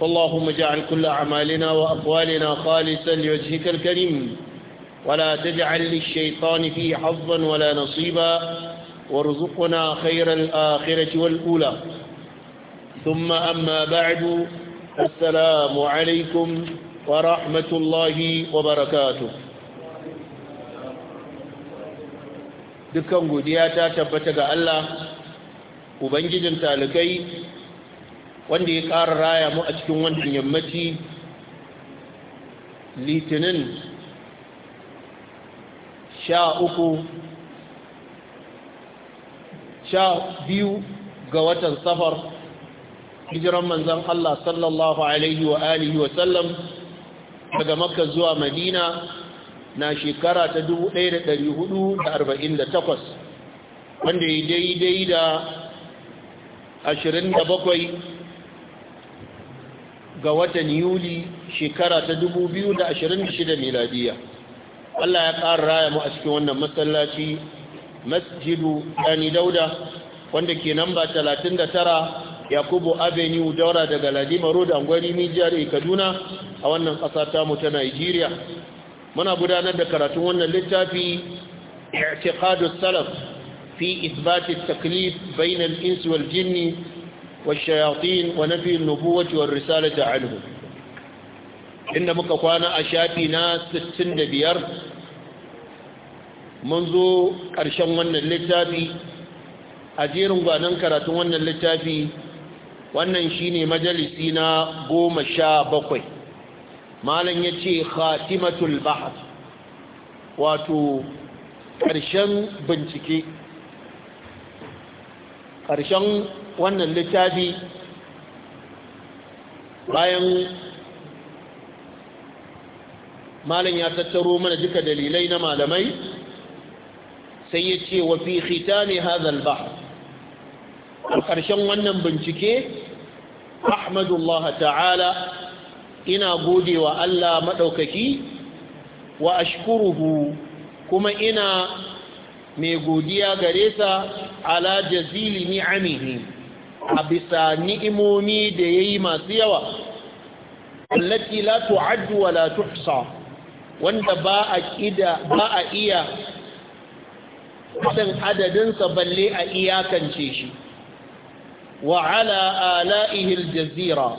فاللهم اجعل كل أعمالنا وأقوالنا خالصا لوجهك الكريم ولا تجعل للشيطان فيه حظا ولا نصيبا وارزقنا خير الآخرة والأولى ثم أما بعد السلام عليكم ورحمة الله وبركاته دكان قدياتا تبتغى الله وبنجد تالكي wanda ya ƙara raya mu a cikin wannan yammaci litinin sha uku sha biyu ga watan safar hijiran manzan Allah sallallahu Alaihi wa alihi wa sallam daga makka zuwa madina na shekara ta 1448 wanda ya daidai da 27 ga watan yuli shekara ta 2026 miladiya Allah ya ƙara raya mu a cikin wannan masallaci masjidu ɗani dauda wanda ke namba 39 yakubu avenue daura daga ladima road angwari mijiyar kaduna a wannan ƙasa tamu ta nigeria muna gudanar da karatun wannan littafi i'tiqadus salaf fi isbati taklif bainal insi wal jinni والشياطين ونفي النبوة والرسالة عنه إن مكوانا أشافي ناس ستن بيار منذ أرشان ون اللتابي أجير غانان كراتون ون اللتابي wannan shine majalisi na goma sha bakwai malam ya ce khatimatul bahar wato ƙarshen bincike ƙarshen wannan littafi bayan malin ya tattaro mana duka dalilai na malamai sai ya ce wa fi khitami hadha bahr a ƙarshen wannan bincike ahmadullah ta'ala ina gode wa Allah maɗaukaki wa ashkuruhu kuma ina mai godiya gare sa ala jazili ni'amihi a bisa ni'imomi da yayi masu yawa allati la tu'addu wa la tuhsa wanda ba a kida ba a iya dan adadin sa balle a iyakance shi wa ala ala'ihi aljazira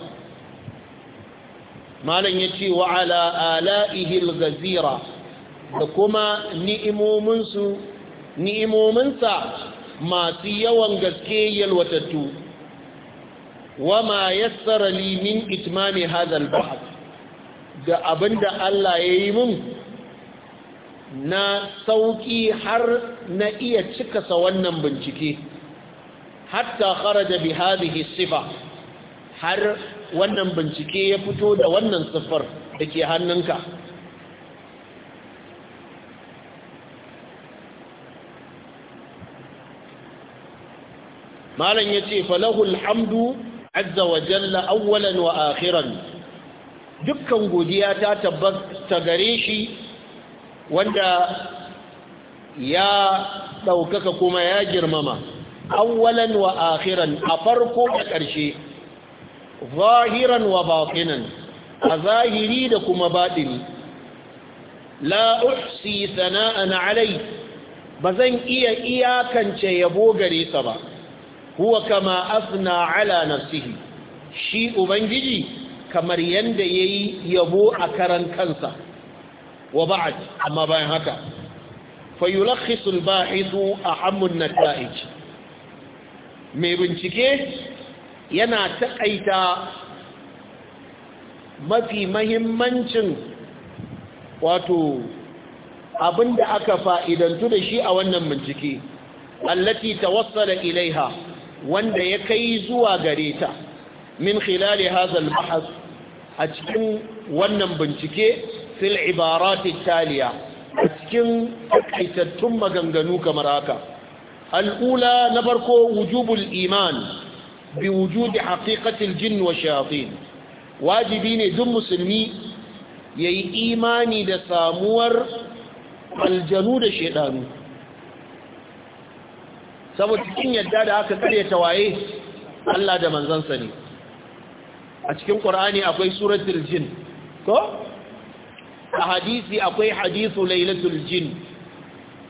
malan yace wa ala ala'ihi alghazira da kuma ni'imominsu ni'imominsa masu yawan gaske yalwatattu wama yassara li min itmami hadal ba'd da abinda Allah ya yi mun na sauki har na iya cikasa wannan bincike hatta kharaja bi hadhihi sifa har wannan bincike ya fito da wannan siffar da ke hannunka malam ya ce falahul hamdu azza wa jalla awwalan wa akhiran dukkan godiya ta tabbata gare shi wanda ya ɗaukaka kuma ya girmama awwalan wa akhiran a farko da ƙarshe zahiran wa batinan a zahiri da kuma baɗi. la uhsi sana'an alai ba zan iya iyakance yabo gare sa ba huwa kama asna ala nafsihi shi ubangiji kamar yanda yayi yabo a karan kansa wa ba'd amma bayan haka fayulakhisu al-ba'ithu nataij mai bincike yana taƙaita mafi mahimmancin wato abinda aka fa'idantu da shi a wannan bincike allati tawassala ilaiha wanda ya kai zuwa gare ta min khilali hadha al a cikin wannan bincike fil ibarat taliya a cikin kaitattun maganganu kamar haka al'ula na farko wujubul iman bi wujudi haqiqati al-jinn wa shayatin wajibi ne duk musulmi yayi imani da samuwar aljanu da shedanu saboda cikin yadda da aka ta waye Allah da manzansa ne a cikin Qur'ani akwai suratul jin ko a hadisi akwai hadisu lailatul jin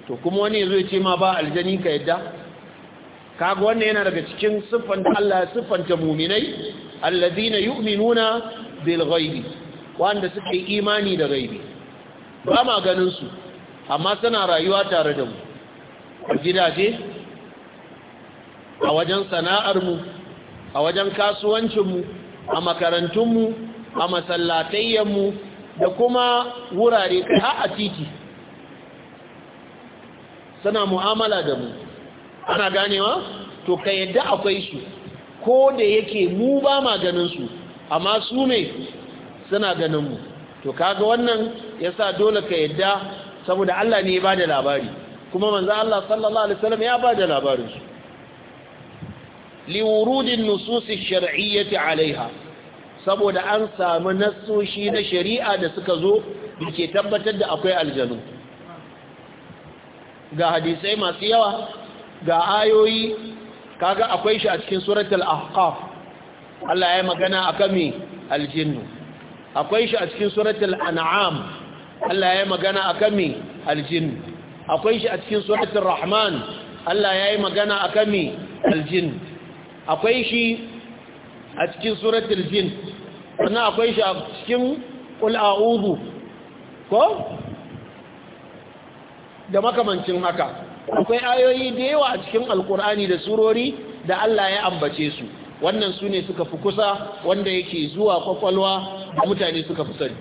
to kuma wani yazo ya ce ma ba aljani ka yadda kaga wannan yana daga cikin siffan da Allah ya siffanta mu'minai alladhina yu'minuna bil ghaibi wanda suke imani da ghaibi ba ma ganin su amma suna rayuwa tare da mu gidaje a wajen sana'armu a wajen kasuwancinmu a makarantunmu a masallatayyanmu da kuma wurare ha a titi suna mu'amala da mu ana ganewa to ka yadda akwai su ko da yake mu ba ma su amma su ne suna mu. to kaga wannan yasa dole ka yadda saboda Allah ne ya bada da labari kuma manzo Allah sallallahu alaihi wasallam ya ba da labarinsu liwurudin nususi shari'iyyati alaiha saboda an samu nassoshi na shari'a da suka zo da ke tabbatar da akwai aljanu ga hadisai masu yawa ga ayoyi kaga akwai shi a cikin suratul ahqaf Allah ya magana akan me aljinnu akwai shi a cikin suratul an'am Allah ya magana akan me akwai shi a cikin rahman Allah ya yi magana akan me akwai shi a cikin suratul jin sannan akwai shi a cikin qul a'udhu ko da makamancin haka akwai ayoyi da yawa a cikin alkur'ani da surori da Allah ya ambace su wannan su ne suka fi kusa wanda yake zuwa kwakwalwa da mutane suka fi sani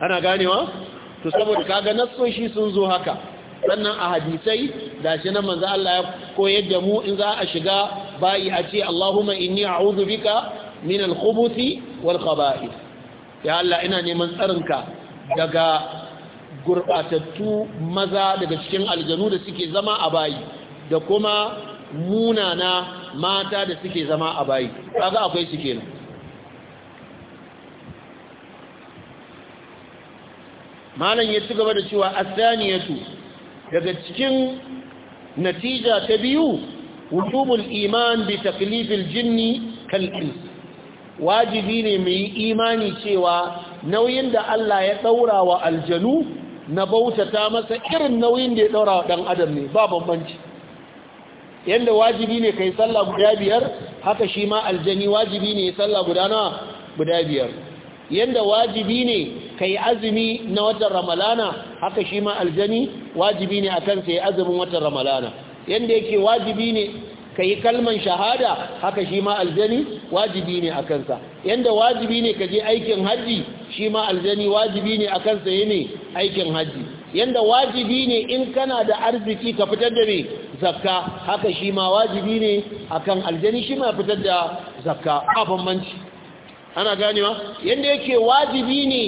ana ganewa to saboda kaga nassoshi sun zo haka sannan a hadisai da shi na manzo Allah ya koyar da mu in za a shiga bayi a ce Allahumma inni a'udhu bika min al-khubuthi wal khaba'ith ya Allah ina neman tsarinka daga gurbatattu maza daga cikin aljanu da suke zama a bayi da kuma munana mata da suke zama a bayi kaga akwai su kenan malam ya ci gaba da cewa asaniyatu daga cikin natija ta biyu wujubul iman bi taklifil jinni kal wajibi ne mai imani cewa nauyin da Allah ya daura wa aljanu na bautata masa irin nauyin da ya daura wa ɗan adam ne ba bambanci yanda wajibi ne ka yi sallah guda biyar haka shi ma aljani wajibi ne sallah guda guda biyar yanda wajibi ne ka yi azumi na watan ramalana haka shi ma aljani wajibi ne akan sai azumin watan ramalana yanda yake wajibi ne ka yi kalman shahada haka shi ma aljani wajibi ne a kansa yadda wajibi ne ka je aikin hajji shi ma aljani wajibi ne a kansa yi ne aikin hajji yadda wajibi ne in kana da arziki ka fitar da mai zakka haka shi ma wajibi ne a kan aljani shi ma fitar da zakka a bambanci ana ganewa yadda yake wajibi ne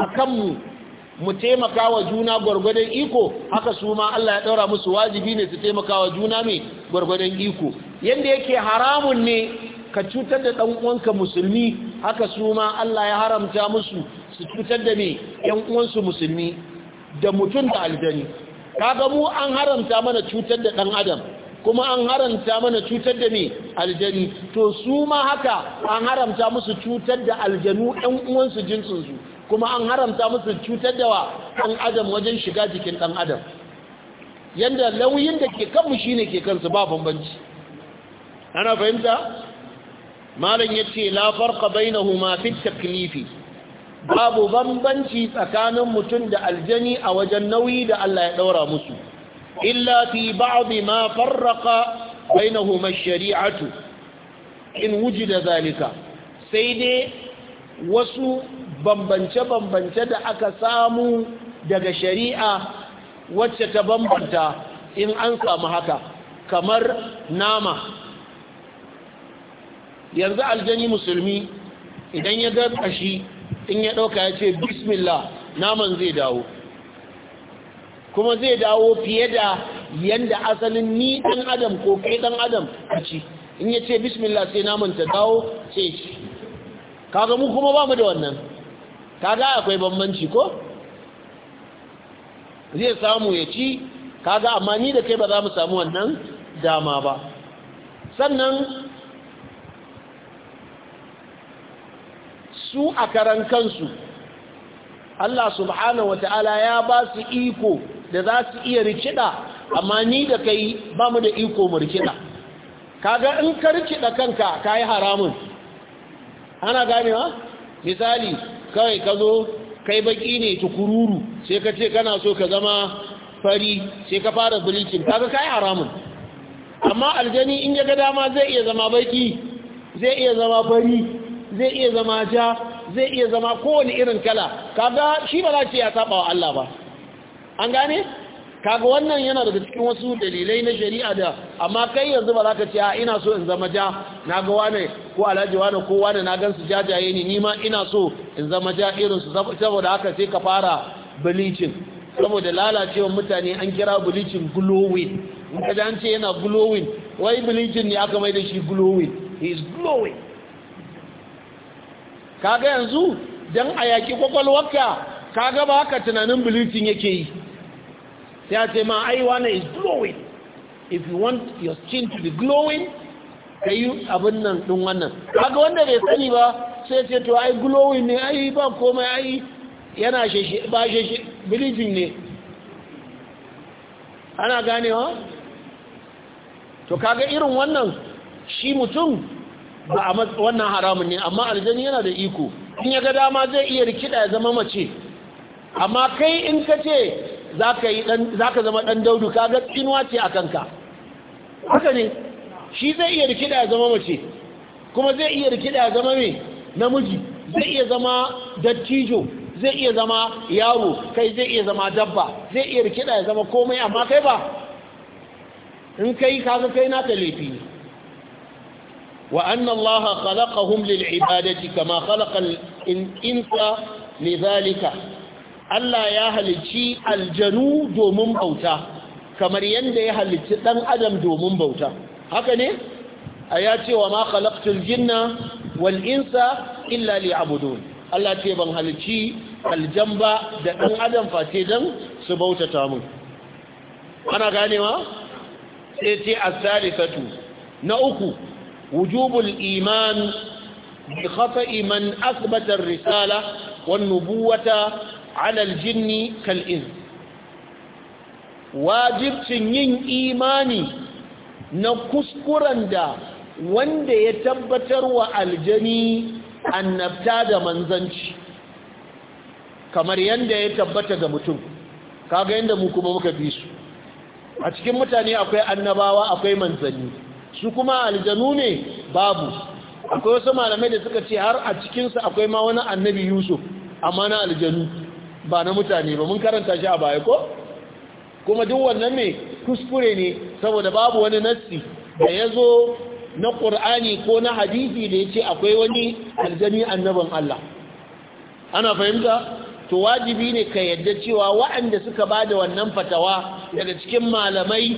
a kanmu mu taimaka wa juna gwargwadon iko haka su ma Allah ya ɗaura musu wajibi ne su taimaka wa juna mai gwargwadon iko yadda yake haramun ne ka cutar da ɗan uwanka musulmi haka su ma Allah ya haramta musu su cutar da mai ‘yan’uwansu uwansu musulmi da mutum da aljani kaga mu an haramta mana cutar da ɗan adam kuma an haramta mana cutar da mai aljani to su ma haka an haramta musu cutar da aljanu ‘yan uwansu jinsinsu kuma an haramta musu cutar da wa ɗan adam wajen shiga jikin ɗan adam yadda lauyin da ke kanmu shi ne ke kansu ba bambanci ana fahimta malam ya ce lafar ƙabai na humafin taklifi babu bambanci tsakanin mutum da aljani a wajen nauyi da Allah ya ɗaura musu illa fi ba'adu ma farraka bai na shari'atu in wuji da zalika sai dai wasu bambance-bambance da aka samu daga shari'a wacce ta bambanta in an samu haka kamar nama yanzu aljani musulmi idan ya ga kashi in ya ɗauka ya ce bismillah naman zai dawo kuma zai dawo fiye da yanda asalin ni dan adam ko kai ɗan adam a ci in ya ce bismillah sai naman ta dawo sai ci kaga mu kuma ba mu da wannan kaga akwai bambanci ko zai samu ya ci kaga amma ni da kai ba za mu samu wannan dama ba sannan su a karan kansu Allah subhanahu wa ta'ala ya ba su iko da za su iya rikida amma ni da kai ba mu da iko mu rikida kaga in ka rikida kanka ka yi haramun ana ganewa misali kawai ka zo kai baki ne tukururu sai ka ce kana so ka zama fari sai ka fara bleaching kaga kai haramun amma aljani in ya ga dama zai iya zama baki zai iya zama fari zai iya zama ja zai iya zama kowane irin kala kaga shi ba za ce ya saba wa Allah ba an gane kaga wannan yana daga cikin wasu dalilai na shari'a da amma kai yanzu ba za ka ce a ina so in zama ja na ga wane ko alhaji wane ko wane na gan su jajaye ni nima ina so in zama ja irin su saboda haka sai ka fara bilicin saboda lalacewar mutane an kira bilicin glowing in ka an ce yana glowing wai bilicin ne aka mai da shi glowing he is glowing kaga yanzu dan a yaki kwakwalwarka kaga ba haka tunanin bilicin yake yi sai a ce ma ai is glowing if you want your skin to be glowing ka yi abin nan ɗin wannan kaga wanda bai sani ba sai ce to ai glowing ne ai ba komai ai yana sheshe ba sheshe believing ne ana ganewa to kaga irin wannan shi mutum ba a wannan haramun ne amma aljani yana da iko in ya ga dama zai iya rikida ya zama mace amma kai in ka ce za ka zama ɗan daudu ka ga tsinuwa ce a kanka haka ne shi zai iya rikida ya zama mace kuma zai iya rikida ya zama mai namiji zai iya zama dattijo zai iya zama yaro kai zai iya zama dabba zai iya rikida ya zama komai amma kai ba in kai kaga kai naka laifi ne wa anna allaha khalaqahum lil ibadati kama khalaqa al insa lidhalika Allah ya halicci aljanu domin bauta kamar yadda ya halicci ɗan adam domin bauta haka ne a ya ce wa ma khalaqtul jinna wal insa illa liya'budun Allah ce ban halicci aljamba da ɗan adam face dan su bautata mun ana ganewa sai ce as salifatu. na uku wujubul iman bi khata'i man athbata ar-risala wan nubuwata على jini kal'in wajibcin yin imani na kuskuren da wanda ya tabbatar wa aljani annabta da manzanci kamar yadda ya tabbata ga mutum kaga yadda mu kuma muka bi su a cikin mutane akwai annabawa akwai manzanni su kuma aljanu ne babu akwai wasu malamai da suka ce har a cikinsu akwai ma wani annabi yusuf amma na aljanu ba na mutane ba mun karanta shi a baya ko kuma duk wannan ne kuskure ne saboda babu wani nassi da ya zo na ƙur'ani ko na hadisi da ya ce akwai wani aljani annaban Allah ana fahimta to wajibi ne ka yadda cewa waɗanda suka ba da wannan fatawa daga cikin malamai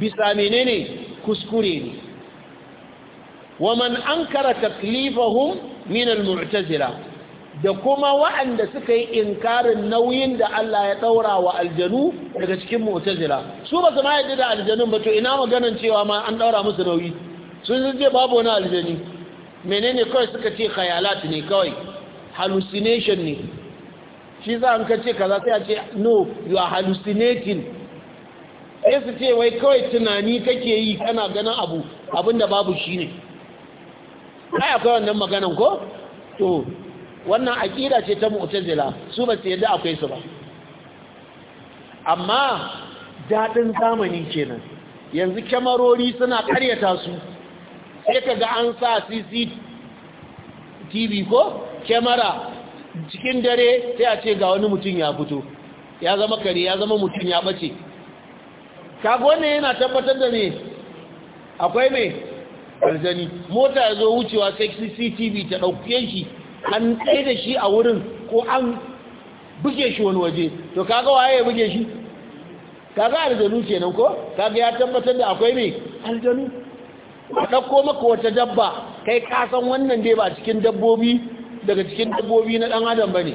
bisa menene kuskure ne waman ankara taklifahum min al-mu'tazila da kuma wa'anda suka yi inkarin nauyin da Allah ya ɗaura wa aljanu daga cikin mu'tazila su ba su ma yadda da aljanun ba to ina maganan cewa ma an ɗaura musu nauyi sun je babu wani aljani menene kawai suka ce khayalat ne kawai hallucination ne shi za an kace kaza sai a ce no you are hallucinating sai su ce wai kawai tunani kake yi kana ganin abu abinda babu shine kai akwai wannan maganan ko to wannan aƙida ce ta mu'tazila su ba su yadda akwai su ba amma daɗin zamani kenan yanzu kyamarori suna ƙaryata su sai ka ga an sa cctv ko kyamara cikin dare sai a ce ga wani mutum ya fito ya zama kare ya zama mutum ya ɓace kago ne yana tabbatar da ne akwai mai aljani mota ya zo wucewa sai cctv ta ɗauke shi an tsaye da shi a wurin ko an buge shi wani waje to kaga waye ya buge shi kaga aljanu kenan ko kaga ya tabbatar da akwai ne aljanu a ɗauko maka wata dabba kai kasan wannan dai ba cikin dabbobi daga cikin dabbobi na dan adam bane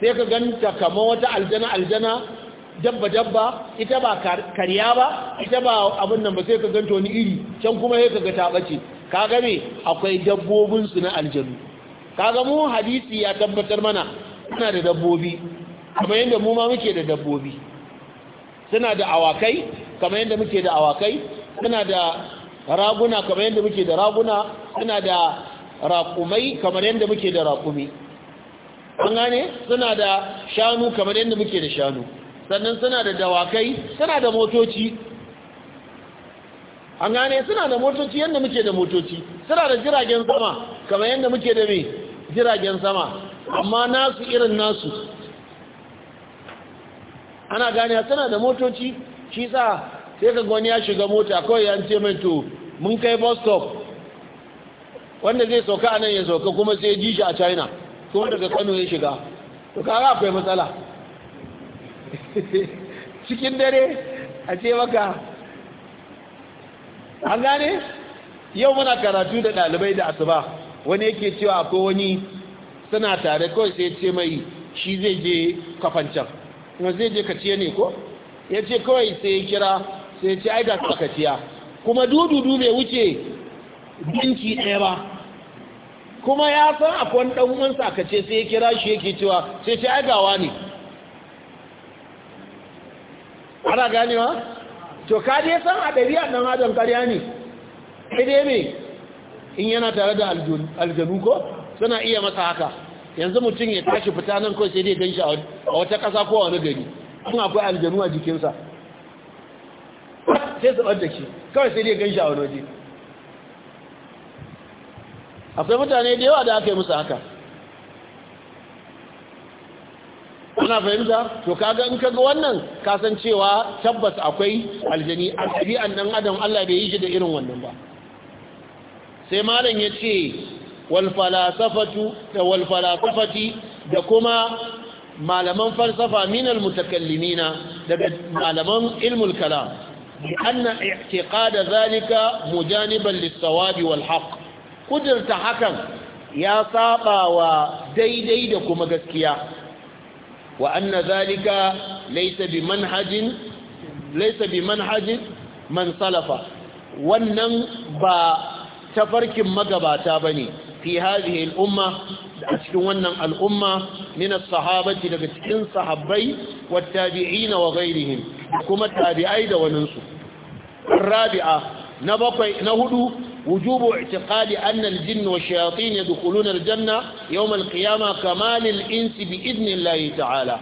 sai ka ganta kamar wata aljana aljana dabba dabba ita ba karya ba ita ba abin nan ba sai ka ganta wani iri can kuma sai ka ga ta bace kaga me akwai dabbobinsu na aljanu kaga mu hadisi ya tabbatar mana suna da dabbobi kamar yadda mu ma muke da dabbobi suna da awakai kamar yadda muke da awakai suna da raguna kamar yadda muke da raguna suna da raƙumai kamar yadda muke da raƙumi an gane suna da shanu kamar yadda muke da shanu sannan suna da dawakai suna da motoci an gane suna da motoci yadda muke da motoci suna da jiragen sama kamar yadda muke da mai jiragen sama amma nasu irin nasu ana gani a tana da motoci shi sa sai ka gwani ya shiga mota kawai ya ce mai to mun kai bus stop wanda zai sauka a nan ya sauka kuma sai ji shi a china kuma daga kano ya shiga to kaga akwai matsala cikin dare a ce maka an gane yau muna karatu da ɗalibai da asuba wani yake cewa akwai wani suna tare kawai sai ce mai shi zai je kafancan kuma zai je kaciya ne ko ya ce kawai sai ya kira sai ya ce ka kaciya kuma dududu bai wuce binci ɗaya ba kuma ya san akwai ɗan uwansa aka ce sai ya kira shi yake cewa sai ce aikawa ne ana ganewa to ka dai san a ɗari a ɗan adam ƙarya ne sai dai mai in yana tare da aljanu ko suna iya masa haka yanzu mutum ya tashi fita nan kawai sai dai gan shi a wata ƙasa ko a wani gari kuma akwai aljanu a jikinsa sai su ɓar shi kawai sai dai gan shi a wani waje akwai mutane da yawa da aka yi musu haka kuna fahimta to kaga in kaga wannan kasancewa tabbas akwai aljani a ɗabi'an ɗan adam Allah bai yi shi da irin wannan ba sai malam ya ce walfalasafati da kuma malaman falsafa minal mutakallimina daga malaman ilmul kalam bi anna i'tiqada zalika mujaniban lis-sawabi wal haqq kudirta hakan ya saba wa daidai da kuma gaskiya wa anna zalika laysa bi manhajin laysa bi manhajin man salafa wannan ba tafarkin magabata bane fi hadhihi al-umma a cikin wannan al'umma min sahabati daga cikin sahabbai wat tabi'ina wa ghairihim kuma tabi'ai da waninsu rabi'a na bakwai na hudu wujubu i'tiqadi anna al-jinn wa shayatin yadkhuluna al yawm al kama lil-insi bi idnillahi ta'ala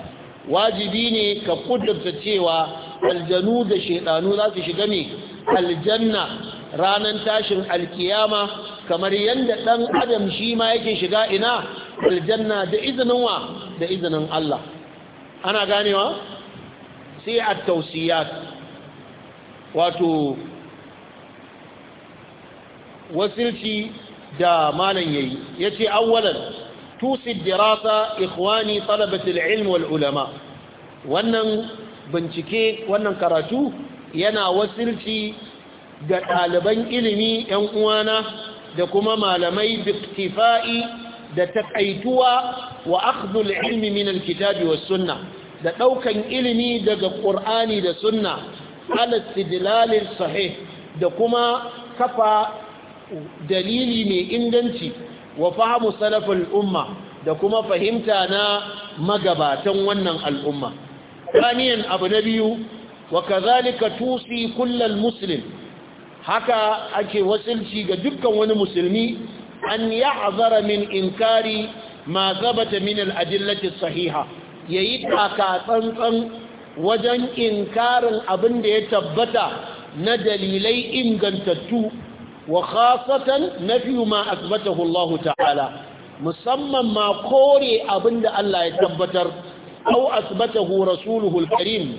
wajibi ne ka kudurta cewa aljanu da shaiɗanu za su shiga ne aljanna ranar tashin alkiyama kamar yadda ɗan adam shi ma yake shiga ina aljanna da izinin wa da izinin Allah ana ganewa sai a tausiyat wato wasilci da malan yayi yace awwalan tusi dirasa ikhwani talabati alilm wal ulama wannan bincike wannan karatu yana wasilci ga ɗaliban ilimi ‘yan uwana da kuma malamai biktifa'i da taƙaituwa wa akhdul ilmi minal kitabi was sunna da ɗaukan ilimi daga ƙur'ani da sunna ala istidlalil sahih da kuma kafa dalili mai inganci wa fahimu salafin umma da kuma fahimta na magabatan wannan al'umma. Raniyan abu na biyu, wa kazalika tusi kullal muslim haka ake wasilci ga dukkan wani musulmi an azara min inkari ma gabata min al sahiha yayi taka tsantsan wajen inkarin abin da ya tabbata na dalilai ingantattu wa khasatan nafiyu ma asbatahu ta'ala musamman ma kore abin da Allah ya tabbatar au asbatahu rasuluhu al-karim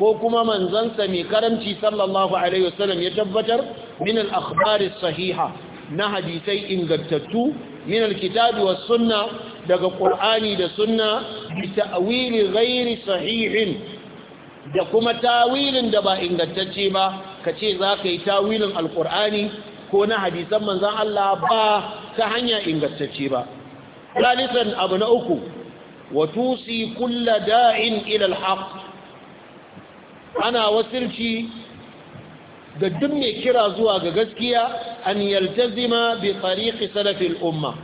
ko kuma manzansa mai karamci sallallahu alaihi wasallam ya tabbatar min al-akhbar sahiha na hadisai ingantattu min al-kitabi was sunna daga qur'ani da sunna bi ta'wili ghairi sahihin da kuma tawilin da ba ingantacce ba kace zaka yi tawilin al-qur'ani ko na hadisan manzan Allah ba ta hanya ingantacce ba lalisan abu na uku wa tusi da'in ila al-haqq ana wasirci da duk mai kira zuwa ga gaskiya an yaltazima bi tariqi salafil umma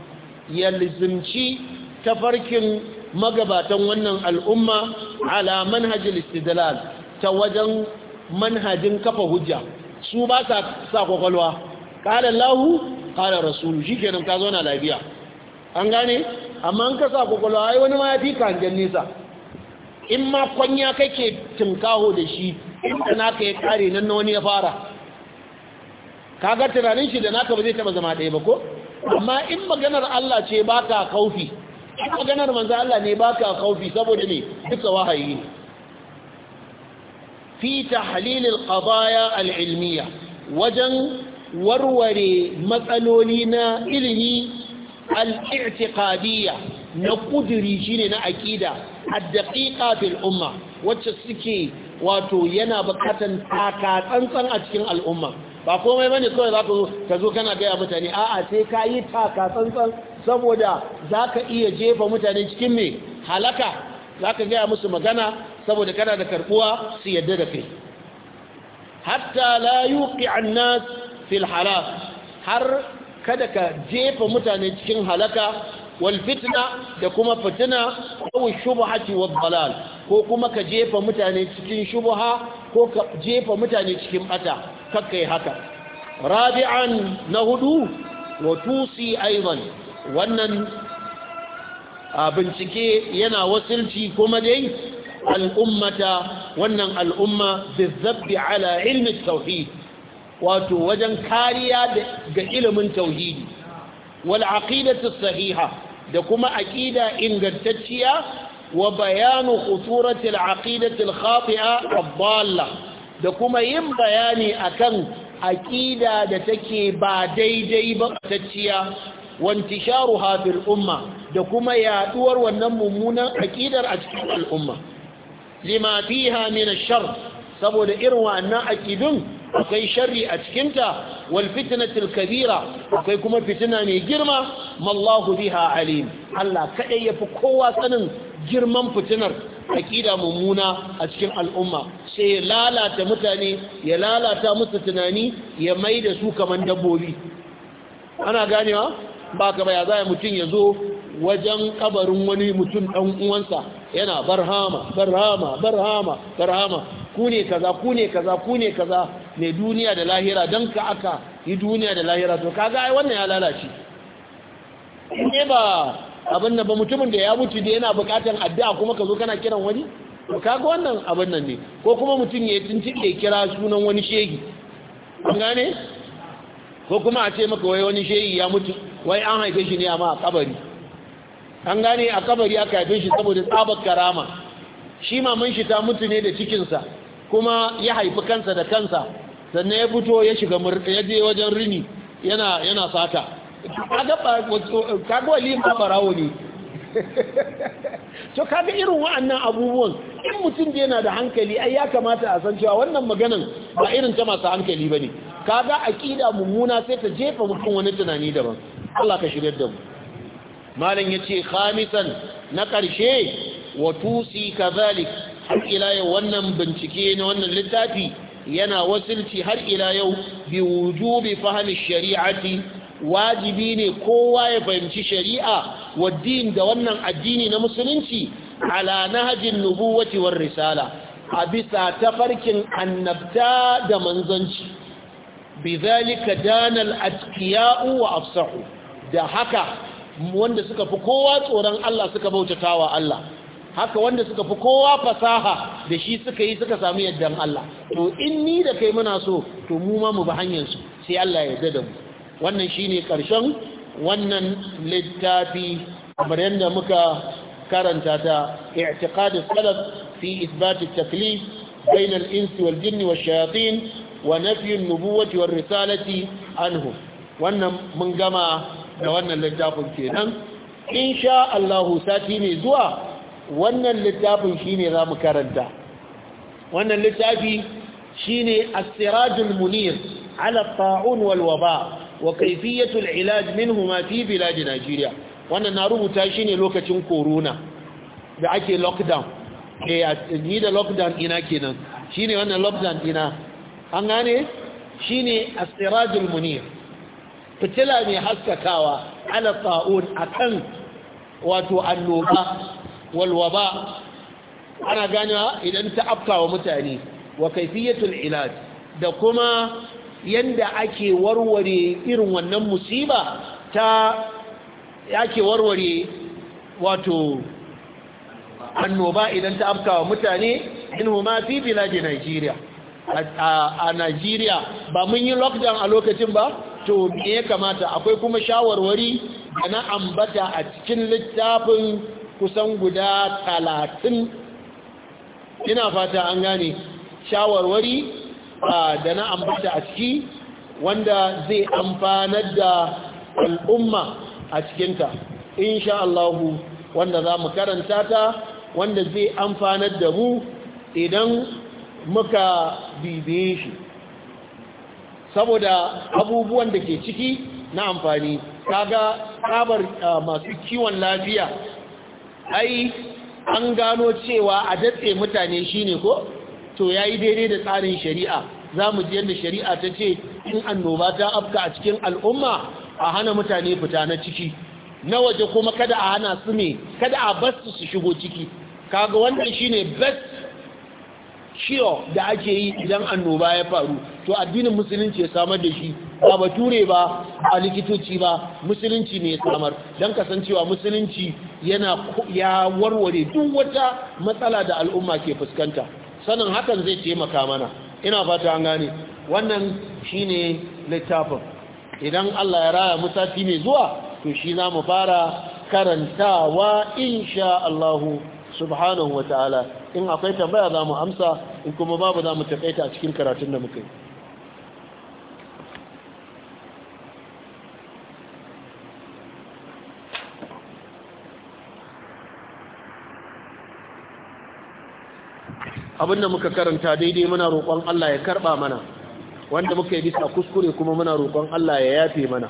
yalzimci tafarkin magabatan wannan al'umma ala manhajil istidlal ta wajen manhajin kafa hujja su ba sa sa kwakwalwa qala Allah qala rasulu shikenan ka zo na lafiya an gane amma an ka sa kokolwa ai wani ma ya fi ka hangen in ma kwanya kake tinkaho da shi inda naka ya kare nan na wani ya fara kaga tunanin shi da naka ba zai taba zama ɗaya ba ko amma in maganar Allah ce baka kaufi in maganar manzo Allah ne baka kaufi saboda ne duka wahayi ne fi tahlil al-qadaya al-ilmiya wajen warware matsaloli na ilimi al-i'tiqadiyya na kudiri shine na aƙida a daƙiƙa fil umma wacce suke wato yana bukatan taka tsantsan a cikin al'umma ba komai bane kawai zaka zo ka zo kana ga mutane a'a sai ka yi taka tsantsan saboda zaka iya jefa mutane cikin me halaka zaka gaya musu magana saboda kana da karbuwa su yadda da kai hatta la yuqi an-nas fil har kada ka jefa mutane cikin halaka wal da kuma fitina aw shubhati wad dalal ko kuma ka jefa mutane cikin shubha ko ka jefa mutane cikin bata kakkai haka rabi'an na hudu wa tusi aidan wannan bincike yana wasilci kuma dai al'ummata wannan al'umma bizzabbi ala ilmi tauhid wato wajen kariya ga ilimin tauhidi wal'aƙidatu sahiha da kuma aƙida ingantacciya wa bayanu kusuratil al khafi'a abbala, da kuma yin bayani akan aƙida da take ba daidai ba tacciya wa fil umma da kuma yaduwar wannan mummunan aƙidar a cikin al'umma lima fiha min shar saboda irin wannan aƙidun. akwai sharri a cikinta wal fitnatul kabira akwai kuma fitina mai girma mallahu biha alim Allah kadai yafi kowa sanin girman fitinar aqida mummuna a cikin al'umma sai ya lalata mutane ya lalata musu tunani ya maida su kaman dabbobi ana ganewa ba ka baya zai mutun yazo wajen kabarin wani mutum dan uwansa yana barhama barhama barhama barhama ku kaza kune kaza kune kaza ne duniya da lahira don ka aka yi duniya da lahira to kaga ai wannan ya lalace ne ba abin nan ba mutumin da ya mutu da yana bukatar addu'a kuma ka zo kana kiran wani to kaga wannan abin nan ne ko kuma mutum ya da kira sunan wani shegi an gane ko kuma a ce maka wai wani shegi ya mutu wai an haife shi ne amma a kabari an gane a kabari aka haife shi saboda tsabar karama shi mun shi ta mutu ne da cikinsa kuma ya haifi kansa da kansa sannan ya fito ya shiga ya je wajen rini yana yana sata kaga wali ma farawo ne to kaga irin wa'annan abubuwan in mutum da yana da hankali ai ya kamata a san cewa wannan maganan ba irin ta masu hankali ba ne. kaga aqida mummuna sai ta jefa mutum wani tunani daban Allah ka shigar da mu malam ce, khamisan na karshe wa tusi kadhalik har ila wannan bincike na wannan littafi yana wasilci har ila yau bi wujubi fahimi shari'ati wajibi ne kowa ya fahimci shari'a wa din da wannan addini na musulunci ala nahjin nubuwati war risala a bisa tafarkin annabta da manzanci bizalika danal al-atqiya'u wa afsahu da haka wanda suka fi kowa tsoron Allah suka bautatawa Allah haka wanda suka fi kowa fasaha da shi suka yi suka samu yaddan Allah to in ni da kai muna so to mu ma mu bi hanyar su sai Allah ya yarda da mu wannan shine karshen wannan littafi kamar da muka karanta ta i'tiqad salaf fi ithbat at-taklif bain al-insi wal-jinni wash-shayatin wa nafy an war-risalati anhu wannan mun gama da wannan littafin kenan insha Allah sati ne zuwa wannan littafin shine za mu karanta wannan littafi shine as-sirajul munir ala ta'un wal waba wa kayfiyatul ilaj minhuma fi bilad najeriya wannan na rubuta shine lokacin corona da ake lockdown eh ni da lockdown ina kenan shine wannan lockdown ina an gane shine as-sirajul munir fitila mai haskakawa ala ta'un akan wato annoba walwaba ana ganewa idan ta afka wa mutane wa kaifiyatul ilaj da kuma yanda ake warware irin wannan musiba ta yake warware wato annoba idan ta afka wa mutane inhu ma fi bilaji Najeriya a Najeriya ba mun yi lockdown a lokacin ba to me ya kamata akwai kuma shawarwari da na ambata a cikin littafin kusan guda talatin ina fata an gane shawarwari da na ambata a ciki wanda zai amfanar da al'umma a cikinta insha Allah wanda za mu karanta ta wanda zai amfanar da mu idan muka bibiye shi saboda abubuwan da ke ciki na amfani kaga tsabar masu kiwon lafiya ai an gano cewa a datse mutane shine ko to yayi daidai da tsarin shari'a za mu ji yadda shari'a ta ce in annoba ta afka a cikin al'umma a hana mutane fita na ciki na waje kuma kada a hana su ne kada a bar su shigo ciki kaga wannan shine best cure da ake yi idan annoba ya faru to addinin musulunci ya samar da shi ba bature ba a likitoci ba musulunci ne samar don kasancewa musulunci yana ya warware duk wata matsala da al'umma ke fuskanta sanin hakan zai taimaka mana ina fata an gane wannan shine littafin idan Allah ya raya musafi mai zuwa to shi za mu fara karantawa insha Allahu subhanahu wa ta'ala in akwai tambaya za mu amsa in kuma babu za mu takaita a cikin karatun da muka yi abinda muka karanta daidai muna roƙon Allah ya karɓa mana wanda muka yi bisa kuskure kuma muna roƙon Allah ya yafe mana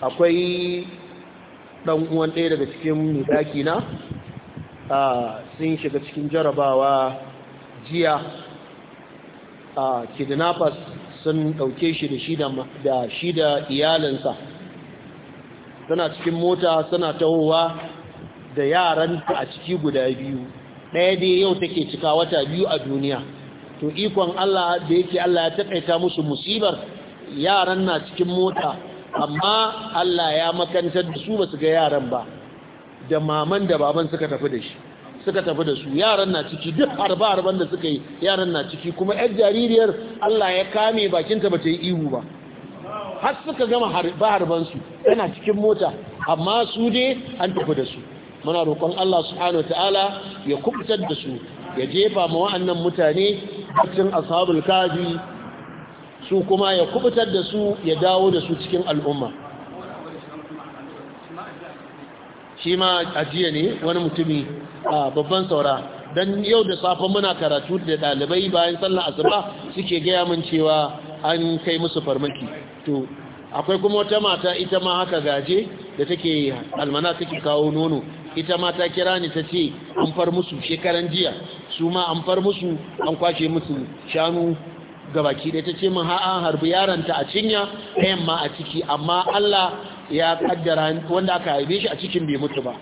akwai ɗan uwan ɗaya daga cikin ɗaki na sun shiga cikin jarabawa jiya a kidnappers sun ɗauke shi da shi da iyalinsa suna cikin mota suna tawowa da yaranta a ciki guda biyu ɗaya dai yau take cika wata biyu a duniya to ikon Allah da yake Allah ya taƙaita musu musibar yaran na cikin mota amma Allah ya makantar da su ba su ga yaran ba da maman da baban suka tafi da shi suka tafi da su yaran na ciki duk harba-harban da suka yi yaran na ciki kuma yar jaririyar Allah ya kame bakinta ba ta yi ihu ba har suka gama harba-harbansu yana cikin mota amma su dai an tafi da su muna roƙon Allah subhanahu ta'ala ya kubutar da su ya jefa ma wa'annan mutane cikin ashabul kafi su kuma ya kubutar da su ya dawo da su cikin al'umma shi ma ajiye ne wani mutumi a babban saura don yau da safe muna karatu da ɗalibai bayan sallar asuba suke gaya min cewa an kai musu farmaki to akwai kuma wata mata ita ma haka gaje da take almana take kawo nono ita ma ta kira ni ta ce an far musu shekaran jiya su ma an far musu an kwashe musu shanu gabaki da ta ce min ha'a harbi yaranta a cinya ɗayan ma a ciki amma Allah ya kaddara wanda aka haife shi a cikin bai mutu ba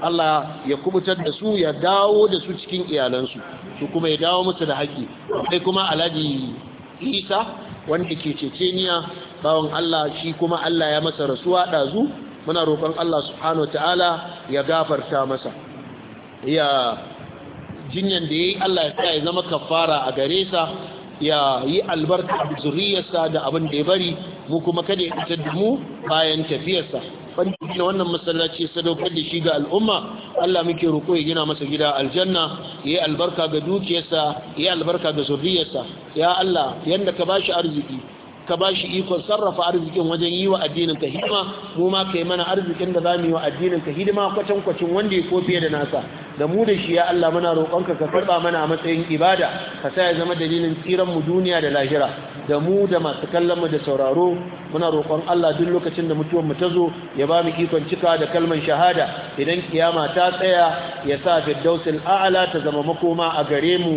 Allah ya kubutar da su ya dawo da su cikin iyalansu su kuma ya dawo musu da haƙi sai kuma alhaji isa wanda ke ceceniya bawan Allah shi kuma Allah ya masa rasuwa ɗazu muna roƙon Allah subhanahu ta'ala ya gafarta masa ya jinyan da yayi Allah ya sa ya zama kafara a gare sa ya yi albarka a zuriyarsa da abin da ya bari mu kuma kada ya fitar da mu bayan tafiyarsa wanda da wannan masallaci sadaukar da shi ga al'umma Allah muke roƙo ya gina masa gida aljanna yayi albarka ga dukiyarsa yayi albarka ga zurriyarsa, ya Allah yanda ka ba shi arziki ka ba shi ikon sarrafa arzikin wajen yi wa addinin ka hidima mu ma kai mana arzikin da zamu yi wa addinin ka hidima kwatan kwacin wanda ya ko fiye da nasa da mu da shi ya Allah muna roƙonka ka karba mana a matsayin ibada ka sa ya zama dalilin tsiran mu duniya da lahira da mu da masu kallon mu da sauraro muna roƙon Allah duk lokacin da mutuwar mu ta zo ya ba mu ikon cika da kalman shahada idan kiyama ta tsaya ya sa firdausil a'la ta zama makoma a gare mu